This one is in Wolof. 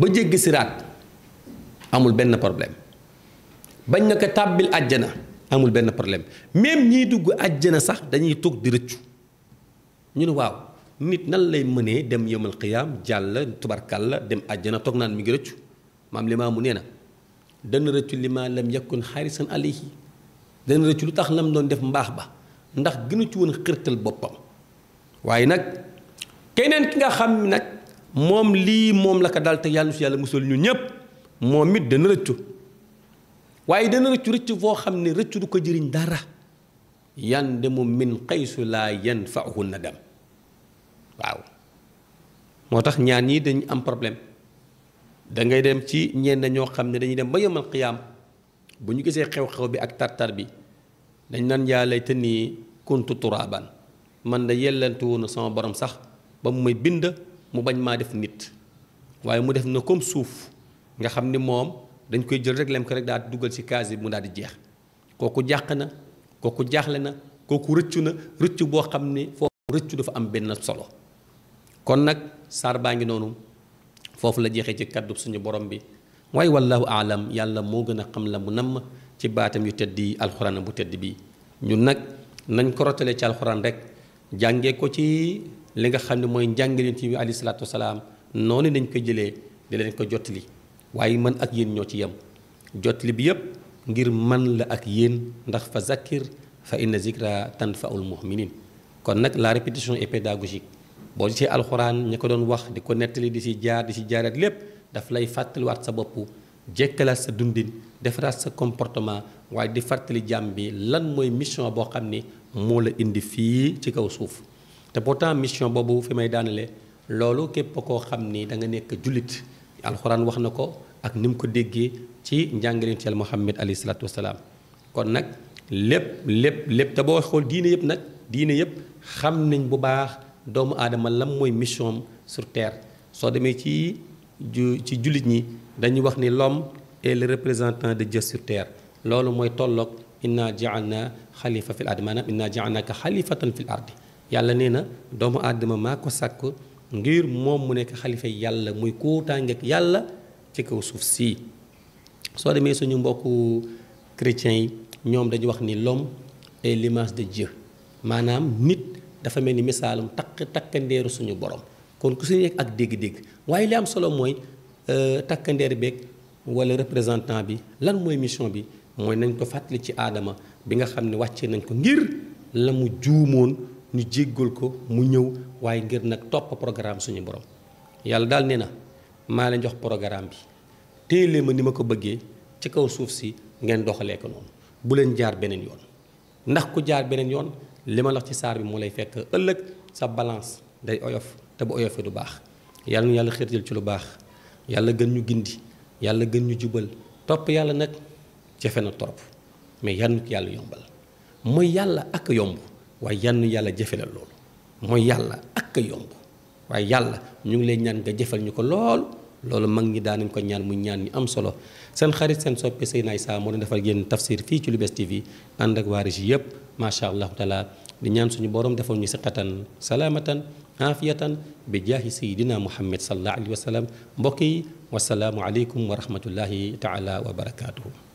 ba jéggi siraat amul benn problème bañ na ko tàbbil àjjana amul benn problème même ñiy dugg àjjana sax dañuy toog di rëccu ñu ne waaw nit nan lay mënee dem yëmal xiyaam jàll tubarkalla dem àjjana toog naan mi ngi rëccu maam li maamu nee na dana rëccu li maa lam yakun xaarisan alayhi dana rëccu lu tax lam doon def mbaax ba ndax gënu ci woon xërtal boppam waaye nag keneen ki nga xam nag moom lii moom la ko dal te yàlla su yàlla musal ñun ñëpp moom it dana rëccu waaye dana rëccu rëccu boo xam ne rëccu du ko jëriñ dara yan demu min xaysu laa yan faahu na dem waaw moo tax ñaan ñii dañ am problème dangay dem ci ñenn ñoo xam ne dañuy dem ba yomal xiyaam bu ñu gisee xew-xew bi ak tartar bi dañ naan yaa lay te nii kuntu turaaban man da yellantu woon sama borom sax ba mu may bind mu bañ maa def nit waaye mu def na comme suuf nga xam ni moom dañ koy jël rek lem rek daal di dugal ci kaas yi mu daal di jeex kooku jàq na kooku jaaxle na kooku rëccu na rëccu boo xam ni foofu rëccu dafa am benn solo kon nag saar baa ngi noonu foofu la jeexee ci kàddu suñu borom bi waaye wallaahu aalam yàlla moo gën a xam la mu namm ci baatam yu tedd yi alxuraan bu tëdd bi ñun nag nañ ko rotale ci alxuraan rek jàngee ko ci li nga xam ne mooy njàngale ci bi alayhi noonu dañ ko jëlee di leen ko jotli waaye man ak yéen ñoo ci yem jotli bi yépp ngir man la ak yéen ndax fa zakkir fa inna zikra tanfaul mu'minin kon nag la répétition est pédagogique boo gisee alxuraan ña ko doon wax di ko nettali di si jaar di si jaaraat lépp dafa lay fàttaliwaat sa boppu jekkalaat sa dundin defaraat sa comportement waaye di fàttali jàmm bi lan mooy mission boo xam ne moo la indi fii ci kaw suuf te pourtant mission boobu fi may daanale loolu képp koo xam ni da nga nekk jullit alxuraan wax na ko ak ni mu ko déggee ci njàngaleem ci al Muhammad alayhi salaatu kon nag lépp lépp lépp te boo xool diine yëpp nag diine yëpp xam nañ bu baax doomu aadama lam mooy mission am soo demee ci ju ci jullit ñi dañuy wax ni l'homme te le représentant de Dieu sur loolu mooy tolloog inna jaalna xalifa fil ardi maanaam inna jaalnaaka xalifatan fil ardi yàlla nee na doomu aadama maa ko sàkk ngir moom mu nekk xalifa yàlla muy kuutaange ak yàlla ci kaw suuf si soo demee suñu mbokku chrétiens yi ñoom dañu wax ni l'homme te l'image de Dieu maanaam nit dafa mel ni misaalum takk takkandeeru suñu borom kon ku ak dégg-dégg waaye li am solo mooy euh, takkandeer beeg wala représentant bi lan mooy mission bi mooy nañ ko fàttali ci aadama bi nga xam ne wàcce nañ ko ngir la mu juumoon ñu jéggal ko mu ñëw waaye ngir nag topp programme suñu borom yàlla daal ne na maa leen jox programme bi téelee ma ni ma ko bëggee ci kaw suuf si ngeen doxalee ko noonu bu leen jaar beneen yoon ndax ku jaar beneen yoon li ma lax ci saar bi moo lay fekk ëllëg sa balance day oyof te bu oyofee du baax yàlla nu yàlla xirtal ci lu baax yàlla gën ñu gindi yàlla gën ñu jubal topp yàlla nag jafe na torop mais yàlla nu yàlla yombal mooy yàlla ak yomb waaye yal yàlla jëfe la loolu mooy yàlla ak a yomb waaye yàlla ñu ngi lay ñaan nga jëfal ñu ko lool loolu mag ñi daanañ ko ñaan mu ñaan ñu am solo seen xarit seen soppi Seydina Issa moo doon defal génn tafsir fii ci Lou'Bess TV ànd ak waa régie yëpp macha allah taala di ñaan suñu borom defal ñu siqatan salaamatan aafiyatan bi jaahi sayidina muhammad sallallahu alayhi wa sallam mbokk yi wasalaamu aleykum wa rahmatullahi taala wa barakaatuhu